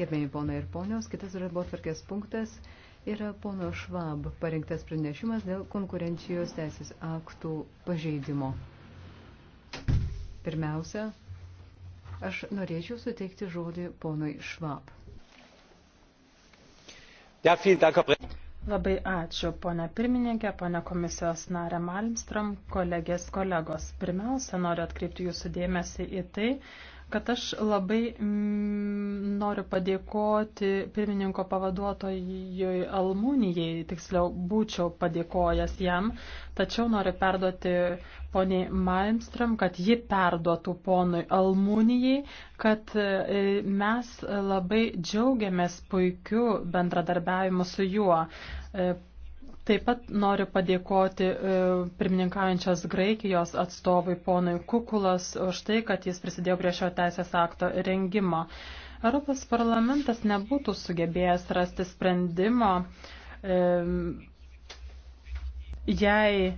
Gerbėjai ponai ir ponios, kitas darbo tvarkės punktas yra pono Švab parengtas pranešimas dėl konkurencijos teisės aktų pažeidimo. Pirmiausia, aš norėčiau suteikti žodį ponui Švab. Ja, Labai ačiū, ponė pirmininkė, ponė komisijos narė Malmstrom, kolegės kolegos. Pirmiausia, noriu atkreipti jūsų dėmesį į tai, kad aš labai mm, noriu padėkoti pirmininko pavaduotojui Almūnijai, tiksliau būčiau padėkojęs jam, tačiau noriu perduoti poniai Malmström, kad ji perduotų ponui Almūnijai, kad e, mes labai džiaugiamės puikiu bendradarbiavimu su juo. E, Taip pat noriu padėkoti e, pirmininkaujančios Graikijos atstovui ponui Kukulas už tai, kad jis prisidėjo prie šio teisės akto rengimo. Europos parlamentas nebūtų sugebėjęs rasti sprendimo, e, jei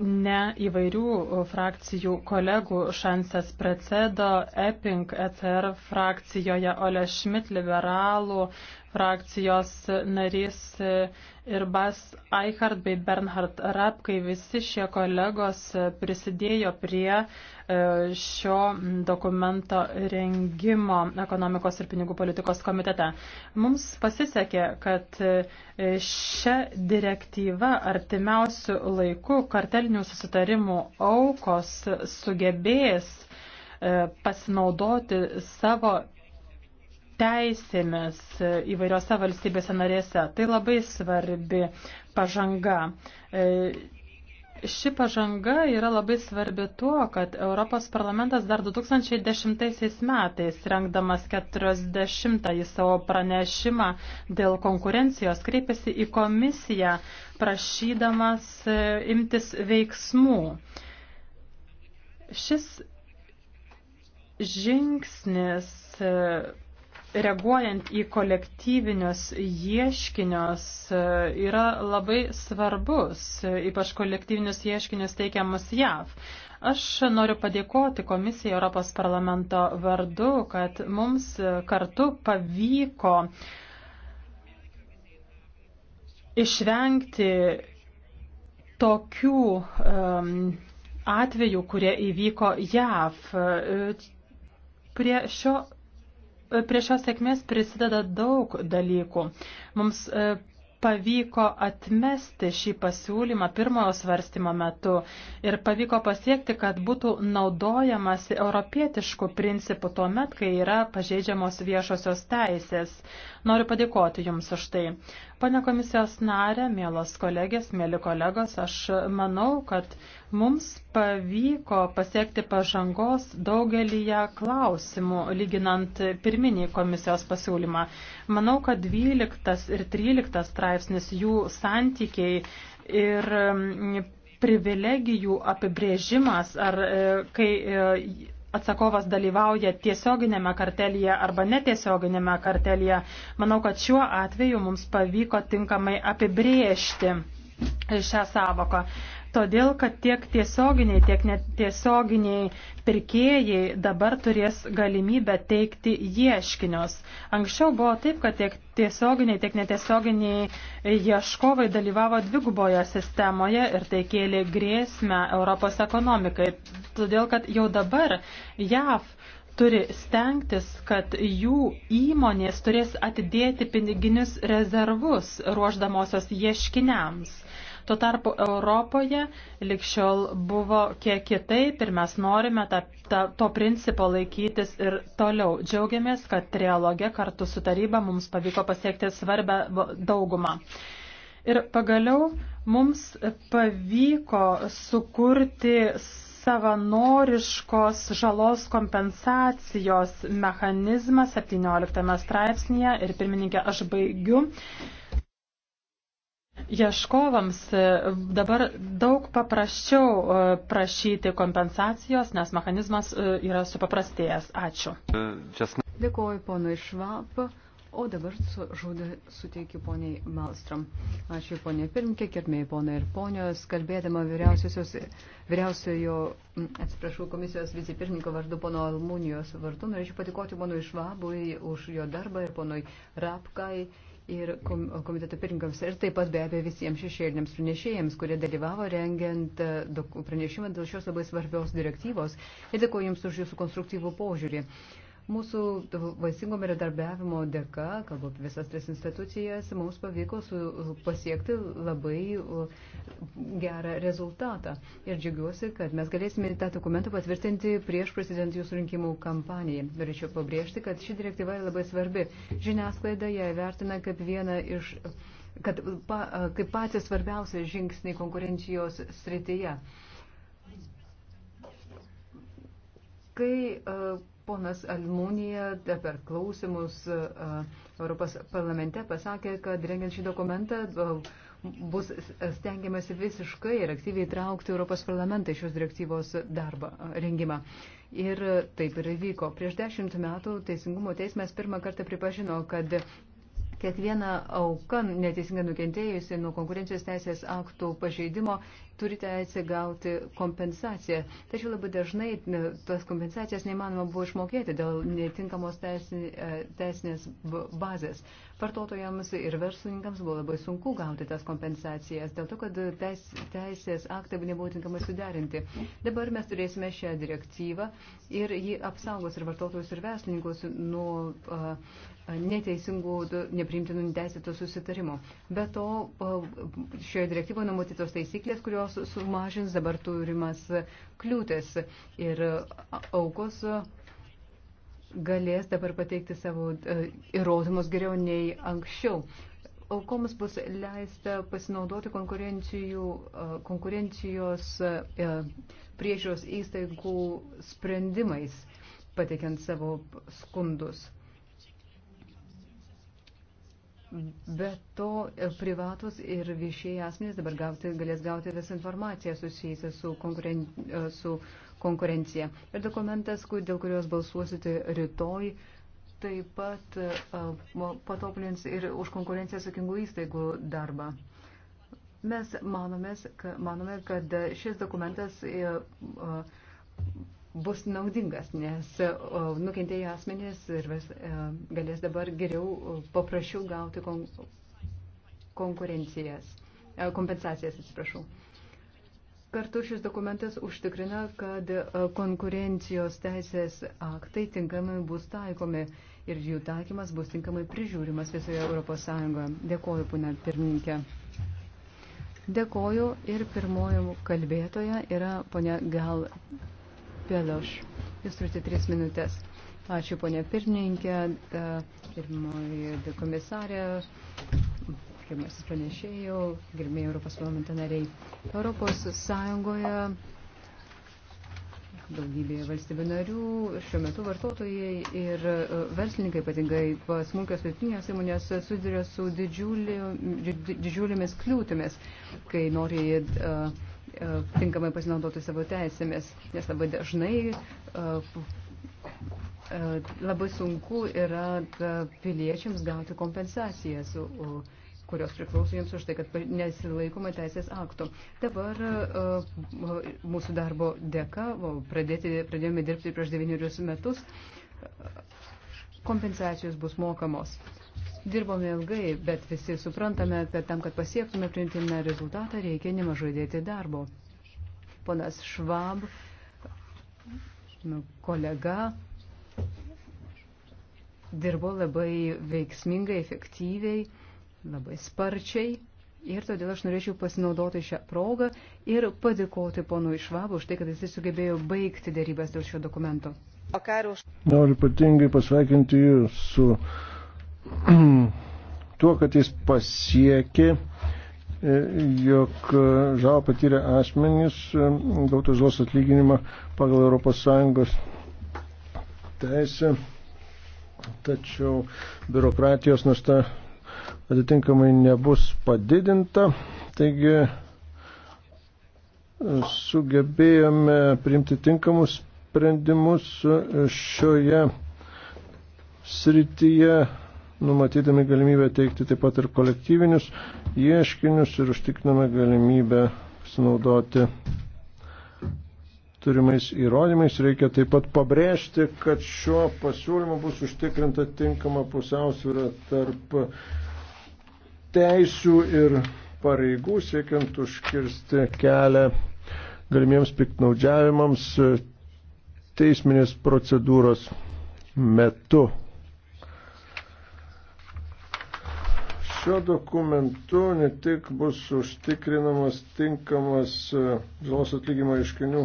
ne įvairių frakcijų kolegų Šansės Precedo, Epping, ECR frakcijoje, Ole Schmidt liberalų, frakcijos narys ir Bas Eichhardt bei Bernhard Rapp, kai visi šie kolegos prisidėjo prie e, šio dokumento rengimo ekonomikos ir pinigų politikos komitete. Mums pasisekė, kad e, šią direktyvą artimiausių laikų kartelinių susitarimų aukos sugebės e, pasinaudoti savo teisėmis įvairiose valstybėse narėse. Tai labai svarbi pažanga. E, ši pažanga yra labai svarbi tuo, kad Europos parlamentas dar 2010 metais, rengdamas 40-ąjį savo pranešimą dėl konkurencijos, kreipėsi į komisiją prašydamas e, imtis veiksmų. Šis žingsnis e, reaguojant į kolektyvinius ieškinius e, yra labai svarbus, e, ypač kolektyvinius ieškinius teikiamus JAV. Aš noriu padėkoti komisijai Europos parlamento vardu, kad mums kartu pavyko išvengti tokių um, atvejų, kurie įvyko JAV. E, prie šio prie šios sėkmės prisideda daug dalykų. Mums e, pavyko atmesti šį pasiūlymą pirmojo svarstymo metu ir pavyko pasiekti, kad būtų naudojamasi europietiškų principų tuo met, kai yra pažeidžiamos viešosios teisės. Noriu padėkoti Jums už tai. Pane komisijos narė, mielos kolegės, mėly kolegos, aš manau, kad mums pavyko pasiekti pažangos daugelyje klausimų, lyginant pirminį komisijos pasiūlymą. Manau, kad 12 ir 13 straipsnis jų santykiai ir mm, privilegijų apibrėžimas, ar e, kai e, atsakovas dalyvauja tiesioginėme kartelėje arba netiesioginėme kartelėje. Manau, kad šiuo atveju mums pavyko tinkamai apibriežti šią savoką todėl kad tiek tiesioginiai, tiek netiesioginiai pirkėjai dabar turės galimybę teikti ieškinius. Anksčiau buvo taip, kad tiek tiesioginiai, tiek netiesioginiai ieškovai dalyvavo dviguboje sistemoje ir tai kėlė grėsmę Europos ekonomikai, todėl kad jau dabar JAV turi stengtis, kad jų įmonės turės atidėti piniginius rezervus ruoždamosios ieškiniams. Tuo tarpu Europoje likščiol buvo kiek kitaip ir mes norime ta, ta, to principo laikytis ir toliau. Džiaugiamės, kad trialoge kartu su taryba mums pavyko pasiekti svarbę daugumą. Ir pagaliau mums pavyko sukurti savanoriškos žalos kompensacijos mechanizmą 17 straipsnėje ir pirmininkė aš baigiu. Ieškovams e, dabar daug paprasčiau e, prašyti kompensacijos, nes mechanizmas e, yra supaprastėjęs. Ačiū. Dėkuoju ponui Švab, o dabar su, žodį suteikiu poniai Malstrom. Ačiū poniai pirmininkė, kirmiai ponai ir ponios, kalbėdama vyriausiojo, atsiprašau, komisijos vicepirmininko vardu, pono Almunijos vardu, norėčiau patikoti ponui Švabui už jo darbą ir ponui Rapkai ir komiteto pirmininkams ir taip pat be abejo visiems šešėliniams pranešėjams, kurie dalyvavo rengiant e, pranešimą dėl šios labai svarbios direktyvos. Ir dėkuoju Jums už Jūsų konstruktyvų požiūrį. Mūsų vaisingo bendradarbiavimo dėka, kalbu apie visas tris institucijas, mums pavyko su, pasiekti labai uh, gerą rezultatą. Ir džiugiuosi, kad mes galėsime tą dokumentą patvirtinti prieš prasidant jūsų rinkimų kampanijai. Norėčiau pabrėžti, kad ši direktyva yra labai svarbi. Žiniasklaida ją vertina kaip vieną iš kad pa, kaip patys svarbiausia žingsniai konkurencijos srityje. Kai uh, Ponas Almūnija per klausimus Europos parlamente pasakė, kad rengiant šį dokumentą bus stengiamasi visiškai ir aktyviai traukti Europos parlamentą šios direktyvos darbą, rengimą. Ir taip ir įvyko. Prieš dešimt metų Teisingumo teismas pirmą kartą pripažino, kad Kiekviena auka neteisingai nukentėjusi nuo konkurencijos teisės aktų pažeidimo turi teisę gauti kompensaciją. Tačiau labai dažnai tas kompensacijas neįmanoma buvo išmokėti dėl netinkamos e, teisinės bazės. Vartotojams ir verslininkams buvo labai sunku gauti tas kompensacijas dėl to, kad teis, teisės aktai nebuvo tinkamai suderinti. Dabar mes turėsime šią direktyvą ir ji apsaugos ir vartotojus ir verslininkus nuo. Uh, neteisingų, neprimtinų neteisėtų susitarimų. Be to, šioje direktyvoje numatytos taisyklės, kurios sumažins dabar turimas kliūtis ir aukos galės dabar pateikti savo e, įrodymus geriau nei anksčiau. Aukoms bus leista pasinaudoti e, konkurencijos e, priežiūros įstaigų sprendimais pateikiant savo skundus. Bet to e, privatus ir viešieji asmenys dabar gauti, galės gauti visą informaciją susijusią su, konkuren, e, su konkurencija. Ir dokumentas, dėl kurios balsuosite rytoj, taip pat e, patoplins ir už konkurenciją sakingų įstaigų darbą. Mes manomės, manome, kad šis dokumentas. Uh, uh, bus naudingas, nes nukentėję asmenės ir vis, e, galės dabar geriau paprašiau gauti kon, konkurencijas, e, kompensacijas, atsiprašau. Kartu šis dokumentas užtikrina, kad e, konkurencijos teisės aktai tinkamai bus taikomi ir jų taikymas bus tinkamai prižiūrimas visoje Europos Sąjungoje. Dėkoju, pūna pirmininkė. Dėkoju ir pirmojų kalbėtoja yra ponia Gal Peloš. Jūs turite tris minutės. Ačiū, ponė pirmininkė, e, pirmoji komisarė, pirmasis pranešėjų, gerbėjai Europos parlamento nariai. Europos Sąjungoje daugybėje valstybių narių šiuo metu vartotojai ir e, verslininkai, ypatingai smulkios vidutinės įmonės, susiduria su didžiulėmis kliūtimis, kai nori uh, E, tinkamai pasinaudoti savo teisėmis, nes labai dažnai e, e, labai sunku yra piliečiams gauti kompensacijas, kurios priklauso jiems už tai, kad nesilaikoma teisės akto. Dabar mūsų darbo dėka, pradėti, pradėjome dirbti prieš devynerius metus, kompensacijos bus mokamos. Dirbome ilgai, bet visi suprantame, kad tam, kad pasiektume priimtiną rezultatą, reikia nemažai dėti darbo. Ponas Švab, nu, kolega, dirbo labai veiksmingai, efektyviai, labai sparčiai. Ir todėl aš norėčiau pasinaudoti šią progą ir padėkoti ponui Švabu už tai, kad jis sugebėjo baigti dėrybęs dėl šio dokumento. Noriu ypatingai pasveikinti jūs su tuo, kad jis pasiekė, e, jog e, žalą patyrę asmenys e, gautų žalos atlyginimą pagal ES teisę, tačiau biurokratijos našta atitinkamai nebus padidinta. Taigi sugebėjome priimti tinkamus sprendimus šioje srityje numatydami galimybę teikti taip pat ir kolektyvinius ieškinius ir užtikriname galimybę pasinaudoti turimais įrodymais. Reikia taip pat pabrėžti, kad šiuo pasiūlymu bus užtikrinta tinkama pusiausvyrą tarp teisių ir pareigų, siekiant užkirsti kelią galimiems piknaudžiavimams teisminės procedūros metu. Šiuo dokumentu ne tik bus užtikrinamas tinkamas žalos e, atlygimo iškinių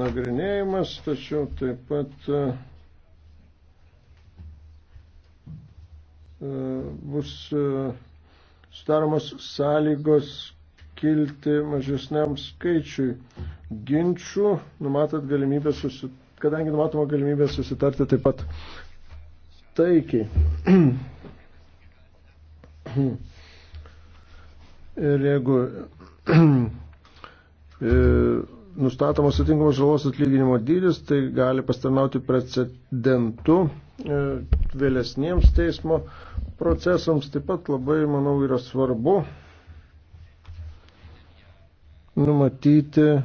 nagrinėjimas, tačiau taip pat e, e, bus sudaromos sąlygos kilti mažesniam skaičiui ginčių, numatant galimybę susitarti, kadangi numatoma galimybė susitarti taip pat taikiai. Hmm. Ir jeigu e, nustatomas atitinkamas žalos atlyginimo dydis, tai gali pastarnauti precedentu e, vėlesniems teismo procesams. Taip pat labai, manau, yra svarbu numatyti e,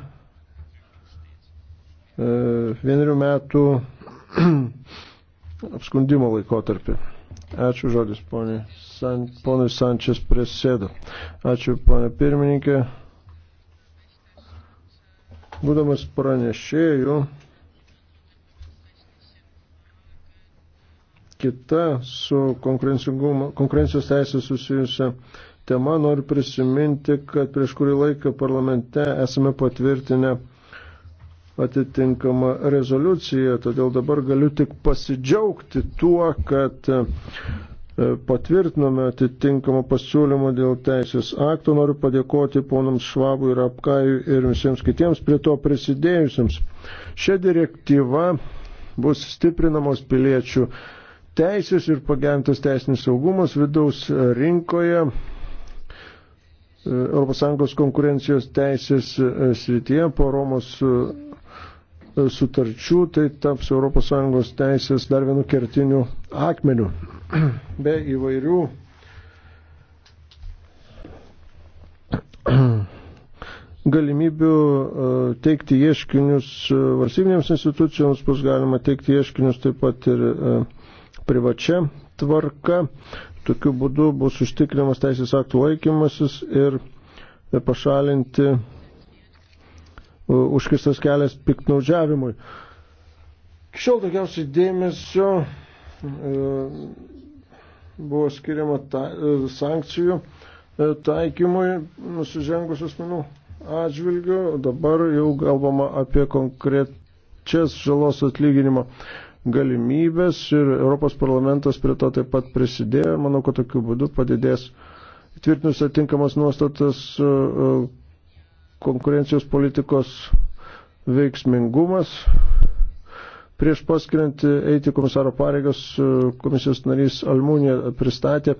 vienerių metų apskundimo laikotarpį. Ačiū žodis, ponė. San, ponui Sančias prisėdo. Ačiū, ponė pirmininkė. Būdamas pranešėjų, kita su konkurencijos teisė susijusia tema noriu prisiminti, kad prieš kurį laiką parlamente esame patvirtinę atitinkamą rezoliuciją. Todėl dabar galiu tik pasidžiaugti tuo, kad e, patvirtinome atitinkamą pasiūlymą dėl teisės akto. Noriu padėkoti ponams Švabui ir Apkajui ir visiems kitiems prie to prisidėjusiems. Šia direktyva bus stiprinamos piliečių teisės ir pagerintas teisinis saugumas vidaus rinkoje. ES konkurencijos teisės e, srityje po Romos e, sutarčių, tai taps ES teisės dar vienu kertiniu akmeniu. Be įvairių galimybių e, teikti ieškinius e, valstybinėms institucijoms bus galima teikti ieškinius taip pat ir e, privačia tvarka. Tokiu būdu bus užtikrinamas teisės aktų laikymasis ir pašalinti užkistas kelias piktnaudžiavimui. Šiol daugiausiai dėmesio e, buvo skiriama ta, e, sankcijų e, taikymui nusižengus asmenų atžvilgių, dabar jau kalbama apie konkrečias žalos atlyginimo galimybės ir Europos parlamentas prie to taip pat prisidėjo. Manau, kad tokiu būdu padidės tvirtinus atinkamas nuostatas konkurencijos politikos veiksmingumas. Prieš paskiriant eiti komisaro pareigas, e, komisijos narys Almūnė pristatė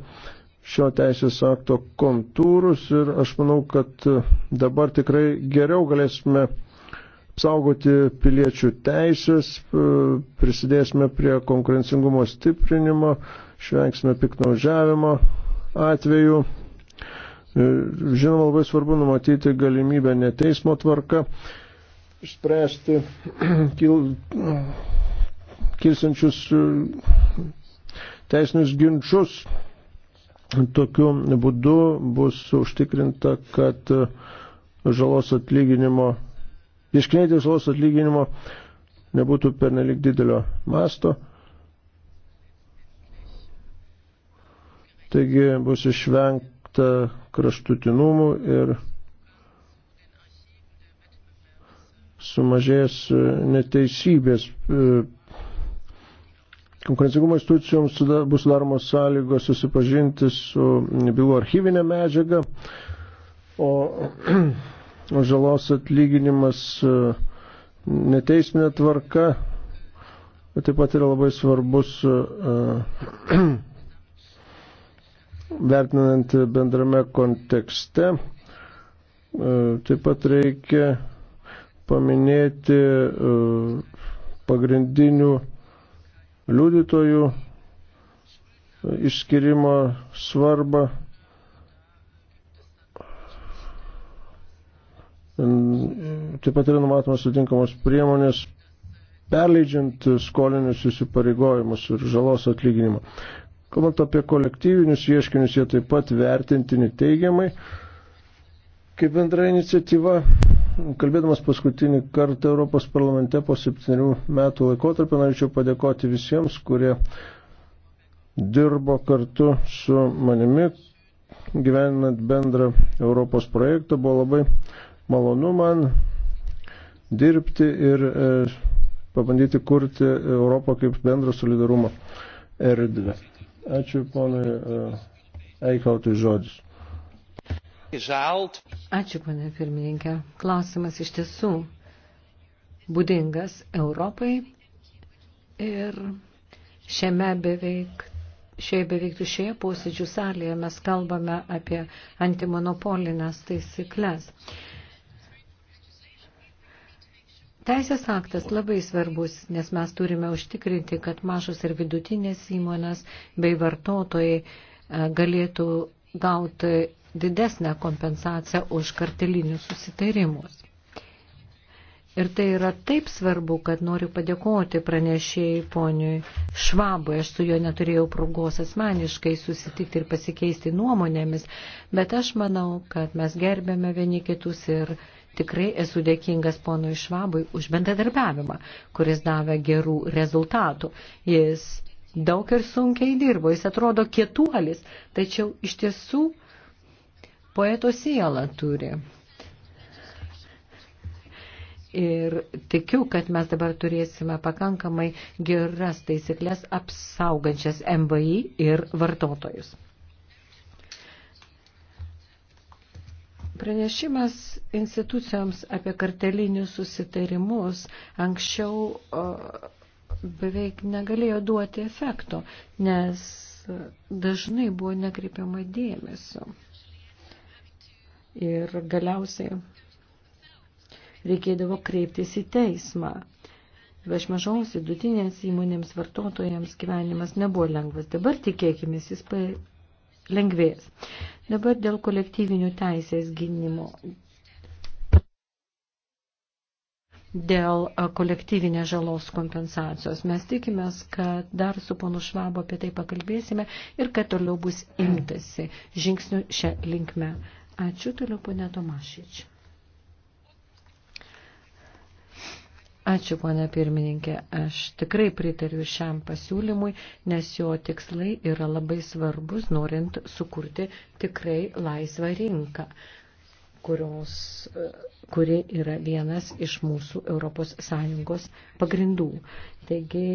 šio teisės akto kontūrus ir aš manau, kad e, dabar tikrai geriau galėsime apsaugoti piliečių teisės, e, prisidėsime prie konkurencingumo stiprinimo, švengsime piknaudžiavimo atveju Žinoma, labai svarbu numatyti galimybę ne teismo tvarka išspręsti kil, kilsančius e, teisinius ginčius. Tokiu būdu bus užtikrinta, kad e, žalos atlyginimo, ieškiniai dėl žalos atlyginimo nebūtų pernelik didelio masto. Taigi bus išvengta apimta kraštutinumų ir sumažės neteisybės. Konkurencingumo institucijoms bus daromos sąlygos susipažinti su bylų archyvinė medžiaga, o, o žalos atlyginimas e, neteisminė tvarka taip pat yra labai svarbus e, vertinant bendrame kontekste. E, taip pat reikia paminėti e, pagrindinių liudytojų išskirimo svarbą. Taip pat yra numatomos sutinkamos priemonės perleidžiant skolinius įsipareigojimus ir žalos atlyginimą. Kalbant apie kolektyvinius ieškinius, jie taip pat vertintini teigiamai. Kaip bendra iniciatyva, kalbėdamas paskutinį kartą Europos parlamente po septynių metų laikotarpio, norėčiau padėkoti visiems, kurie dirbo kartu su manimi, gyvenant bendrą Europos projektą. Buvo labai malonu man dirbti ir e, pabandyti kurti Europą kaip bendrą solidarumą erdvę. Ačiū ponui e, Eikautui žodis. Ačiū, ponė pirmininkė. Klausimas iš tiesų būdingas Europai ir šiame beveik šioje beveik tušioje posėdžių salėje mes kalbame apie antimonopolinės taisyklės. Teisės aktas labai svarbus, nes mes turime užtikrinti, kad mažos ir vidutinės įmonės bei vartotojai e, galėtų gauti didesnę kompensaciją už kartelinius susitarimus. Ir tai yra taip svarbu, kad noriu padėkoti pranešėjai poniui Švabui. Aš su juo neturėjau progos asmeniškai susitikti ir pasikeisti nuomonėmis, bet aš manau, kad mes gerbėme vieni kitus ir uh, Tikrai esu dėkingas ponui Švabui už bendradarbiavimą, kuris davė gerų rezultatų. Jis daug ir sunkiai dirbo, jis atrodo kietuolis, tačiau iš tiesų poeto sielą turi. Ir tikiu, kad mes dabar turėsime pakankamai geras taisyklės apsaugančias MVI ir vartotojus. Pranešimas institucijoms apie kartelinius susitarimus anksčiau o, beveik negalėjo duoti efekto, nes dažnai buvo nekreipiama dėmesio. Ir galiausiai reikėdavo kreiptis į teismą. Veš mažoms vidutinėms įmonėms vartotojams gyvenimas nebuvo lengvas. Dabar tikėkime, jis lengvės. Dabar dėl kolektyvinių teisės gynimo. Dėl kolektyvinės žalos kompensacijos. Mes tikimės, kad dar su ponu Švabo apie tai pakalbėsime ir kad toliau bus imtasi žingsnių šią linkme. Ačiū toliau, ponė Tomašyčia. Ačiū, ponė pirmininkė. Aš tikrai pritariu šiam pasiūlymui, nes jo tikslai yra labai svarbus, norint sukurti tikrai laisvą rinką, kurios, kuri yra vienas iš mūsų ES pagrindų. Taigi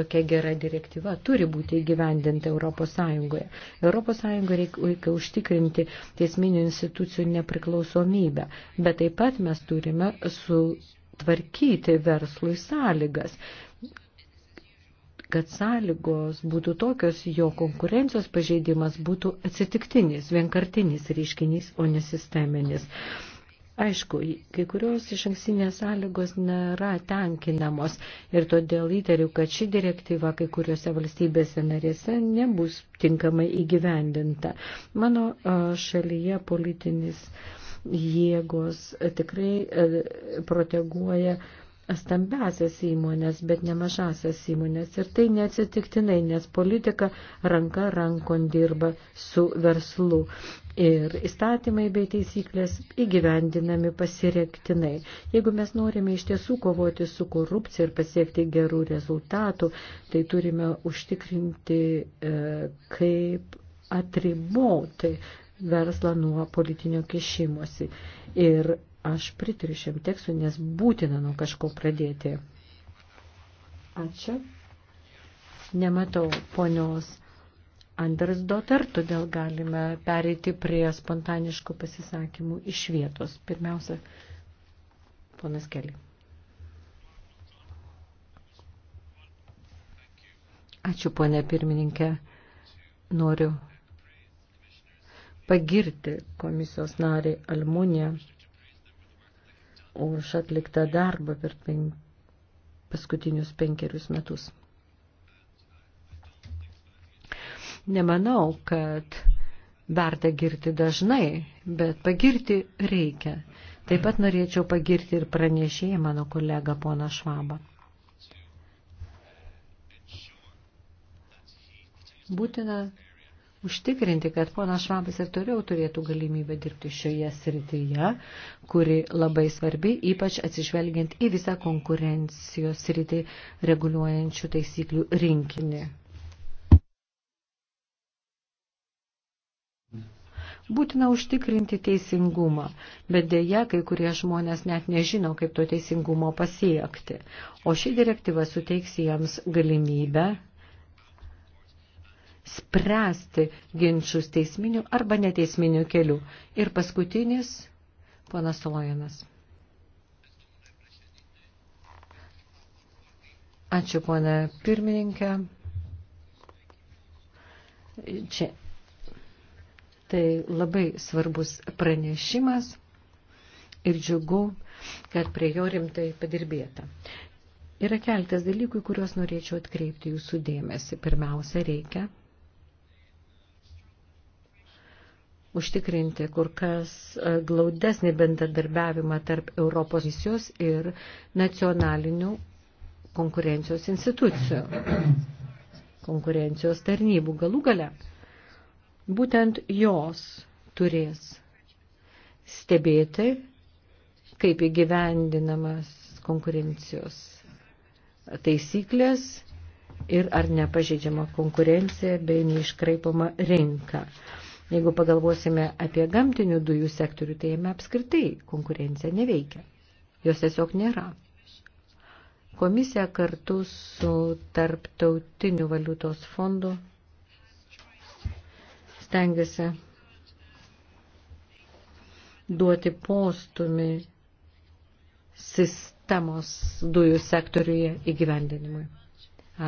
tokia gera direktyva turi būti įgyvendinta ES. ES reikia užtikrinti teisminių institucijų nepriklausomybę, bet taip pat mes turime su tvarkyti verslui sąlygas, kad sąlygos būtų tokios, jo konkurencijos pažeidimas būtų atsitiktinis, vienkartinis reiškinys, o nesisteminis. Aišku, kai kurios iš anksinės sąlygos nėra tenkinamos ir todėl įtariu, kad ši direktyva kai kuriuose valstybėse narėse nebus tinkamai įgyvendinta. Mano šalyje politinis uh, jėgos tikrai e, proteguoja stambiasias įmonės, bet ne mažasias įmonės. Ir tai neatsitiktinai, nes politika ranka rankon dirba su verslu. Ir įstatymai bei taisyklės įgyvendinami pasirektinai. Jeigu mes norime iš tiesų kovoti su korupcija ir pasiekti gerų rezultatų, tai turime užtikrinti, e, kaip atriboti verslą nuo politinio kišimusi. Ir aš pritariu šiam tekstui, nes būtina nuo kažko pradėti. Ačiū. Nematau ponios Anders Dotar, todėl galime pereiti prie spontaniškų pasisakymų iš vietos. Pirmiausia, ponas Keli. Ačiū, ponė pirmininkė. Noriu pagirti komisijos narį Almuniją už atliktą darbą per pen... paskutinius penkerius metus. Nemanau, kad verta girti dažnai, bet pagirti reikia. Taip pat norėčiau pagirti ir pranešėją mano kolegą poną Švabą. Būtina užtikrinti, kad ponas Švabas ir toliau turėtų galimybę dirbti šioje srityje, kuri labai svarbi, ypač atsižvelgiant į visą konkurencijos sritį reguliuojančių taisyklių rinkinį. Būtina užtikrinti teisingumą, bet dėja kai kurie žmonės net nežino, kaip to teisingumo pasiekti, o ši direktyva suteiks jiems galimybę spręsti ginčius teisminių arba neteisminių kelių. Ir paskutinis, ponas Solojanas. Ačiū, ponė pirmininkė. Čia. Tai labai svarbus pranešimas ir džiugu, kad prie jo rimtai padirbėta. Yra keltas dalykų, kuriuos norėčiau atkreipti jūsų dėmesį. Pirmiausia, reikia užtikrinti kur kas e, glaudesnį bendradarbiavimą tarp Europos komisijos ir nacionalinių konkurencijos institucijų, konkurencijos tarnybų galų gale. Būtent jos turės stebėti, kaip įgyvendinamas konkurencijos taisyklės ir ar nepažeidžiama konkurencija bei neiškraipama rinka. Jeigu pagalvosime apie gamtinių dujų sektorių, tai jame apskritai konkurencija neveikia. Jos tiesiog nėra. Komisija kartu su tarptautiniu valiutos fondu stengiasi duoti postumį sistemos dujų sektoriuje įgyvendinimui.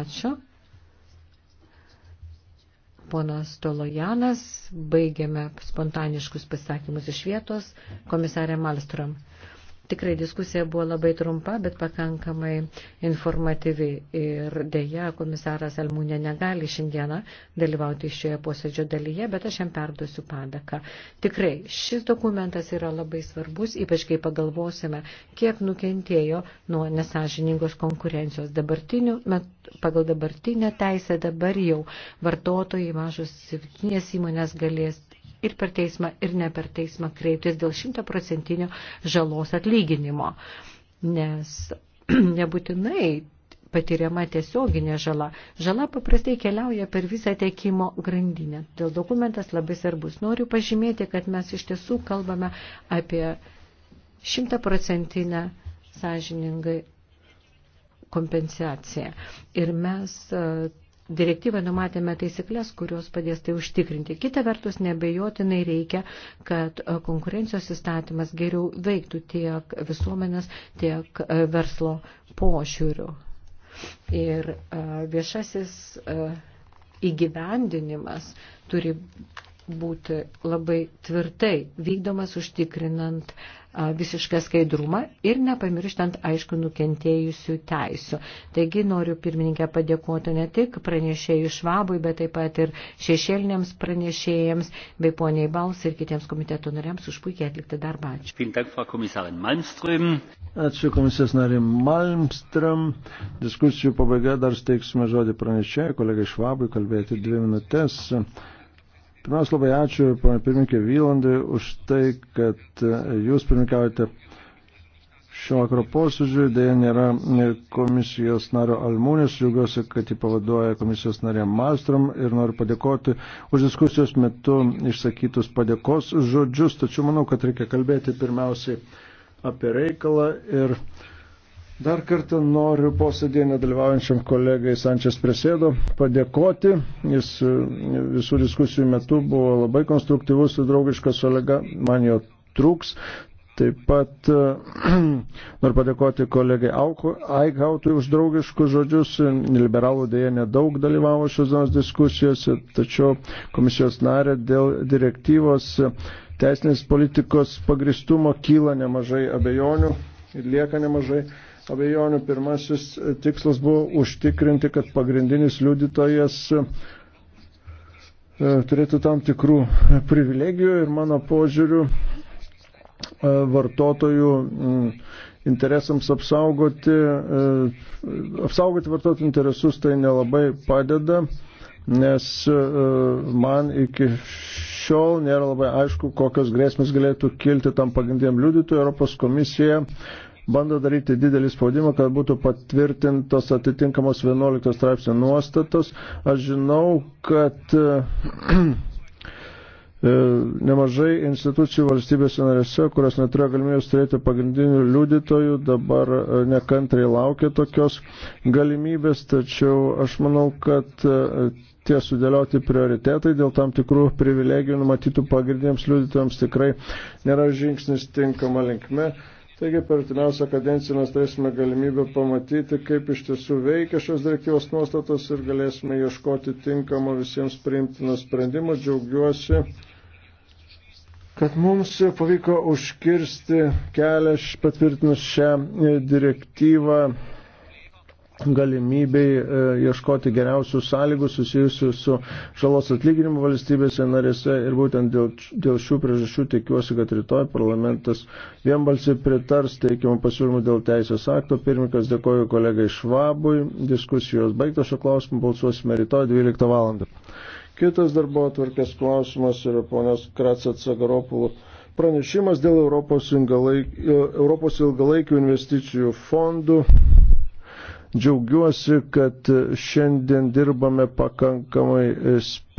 Ačiū ponas Tolojanas, baigėme spontaniškus pasakymus iš vietos, komisarė Malstrom. Tikrai diskusija buvo labai trumpa, bet pakankamai informatyvi. Ir dėja, komisaras Almūnė negali šiandieną dalyvauti šioje posėdžio dalyje, bet aš jam perduosiu padaką. Tikrai, šis dokumentas yra labai svarbus, ypač kai pagalvosime, kiek nukentėjo nuo nesažiningos konkurencijos. Dabartiniu, pagal dabartinę teisę dabar jau vartotojai mažos vidutinės įmonės galės ir per teismą, ir ne per teismą kreiptis dėl šimtaprocentinio žalos atlyginimo. Nes nebūtinai patiriama tiesioginė žala. Žala paprastai keliauja per visą tiekimo grandinę. Dėl dokumentas labai svarbus. Noriu pažymėti, kad mes iš tiesų kalbame apie šimtaprocentinę sąžiningai kompensaciją. Ir mes direktyvai numatėme taisyklės, kurios padės tai užtikrinti. Kita vertus, nebejotinai reikia, kad e, konkurencijos įstatymas geriau veiktų tiek visuomenės, tiek e, verslo pošiūrių. Ir e, viešasis įgyvendinimas turi būti labai tvirtai vykdomas užtikrinant visišką skaidrumą ir nepamirštant aišku nukentėjusių teisių. Taigi noriu pirmininkę padėkoti ne tik pranešėjų švabui, bet taip pat ir šešėliniams pranešėjams bei poniai Bals ir kitiems komiteto nariams už puikiai atliktą darbą. Ačiū. Ačiū komisijos narė Malmström. Diskusijų pabaiga dar steiksime žodį pranešėjai, kolegai Švabui kalbėti dvi minutės. Pirmiausia, labai ačiū, pana pirmininkė Vylandai, už tai, kad e, jūs pirmininkaujate šio vakaro posėdžiui, dėja nėra komisijos nario Almūnės, džiaugiuosi, kad jį pavaduoja komisijos narė Malstrom ir noriu padėkoti už diskusijos metu išsakytus padėkos žodžius, tačiau manau, kad reikia kalbėti pirmiausiai apie reikalą ir Dar kartą noriu posėdėje nedalyvaujančiam kolegai Sančias Presėdo padėkoti. Jis e, visų diskusijų metu buvo labai konstruktyvus ir draugiškas kolega, man jo trūks. Taip pat e, noriu padėkoti kolegai Aikautui už draugiškus žodžius. Liberalų dėje nedaug dalyvavo šios dienos diskusijose, tačiau komisijos narė dėl direktyvos teisinės politikos pagristumo kyla nemažai abejonių ir lieka nemažai abejonių. Pirmasis tikslas buvo užtikrinti, kad pagrindinis liudytojas e, turėtų tam tikrų privilegijų ir mano požiūriu e, vartotojų interesams apsaugoti, e, apsaugoti vartotojų interesus tai nelabai padeda, nes man iki šiol nėra labai aišku, kokios grėsmės galėtų kilti tam pagrindiniam liudytojui Europos komisija bando daryti didelį spaudimą, kad būtų patvirtintos atitinkamos 11 straipsnio nuostatos. Aš žinau, kad e, e, nemažai institucijų valstybėse narėse, kurios neturėjo galimybės turėti pagrindinių liudytojų, dabar e, nekantriai laukia tokios galimybės, tačiau aš manau, kad tie sudėlioti prioritetai dėl tam tikrų privilegijų numatytų pagrindiniams liudytojams tikrai nėra žingsnis tinkama linkme. Taigi per artimiausią kadenciją mes turėsime galimybę pamatyti, kaip iš tiesų veikia šios direktyvos nuostatos ir galėsime ieškoti tinkamo visiems priimtino sprendimo. Džiaugiuosi, kad mums pavyko užkirsti kelią patvirtinus šią direktyvą galimybei e, ieškoti geriausių sąlygų susijusių su žalos atlyginimu valstybėse narėse ir būtent dėl, dėl šių priežasčių tikiuosi, kad rytoj parlamentas vienbalsiai pritars teikiamų pasiūlymų dėl teisės akto. Pirmininkas dėkoju kolegai Švabui. Diskusijos baigtos šio klausimu balsuosime rytoj 12 val. Kitas darbo atvarkės klausimas yra ponios Kratsat Sagaropulų. Pranešimas dėl Europos, ilgalaik, Europos ilgalaikių investicijų fondų Džiaugiuosi, kad šiandien dirbame pakankamai spėliai.